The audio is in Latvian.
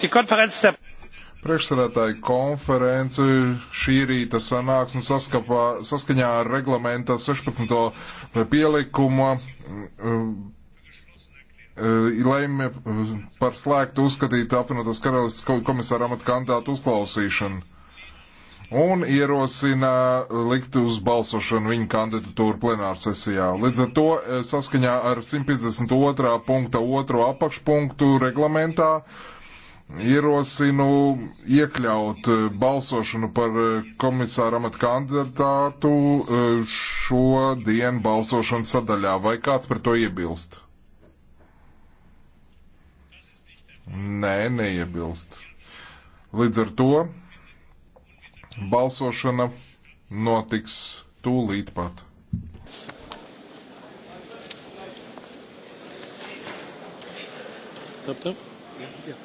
Priekšsarētāji konferenci šī rīta sanāksme saskapā, saskaņā ar reglamenta 16. pielikumu mm, mm, mm, lēma par slēgtu uzskatīt apvienotās karalistas komisāra amata kandidātu uzklausīšanu un ierosina likt uz balsošanu viņa kandidatūru plenāru sesijā. Līdz ar to eh, saskaņā ar 152. punkta 2. apakšpunktu reglamentā Ierosinu iekļaut eh, balsošanu par eh, komisāra amata kandidātu eh, šo dienu balsošanas sadaļā. Vai kāds par to iebilst? Nē, neiebilst. Līdz ar to balsošana notiks tūlīt pat. Tap, tap. Yeah, yeah.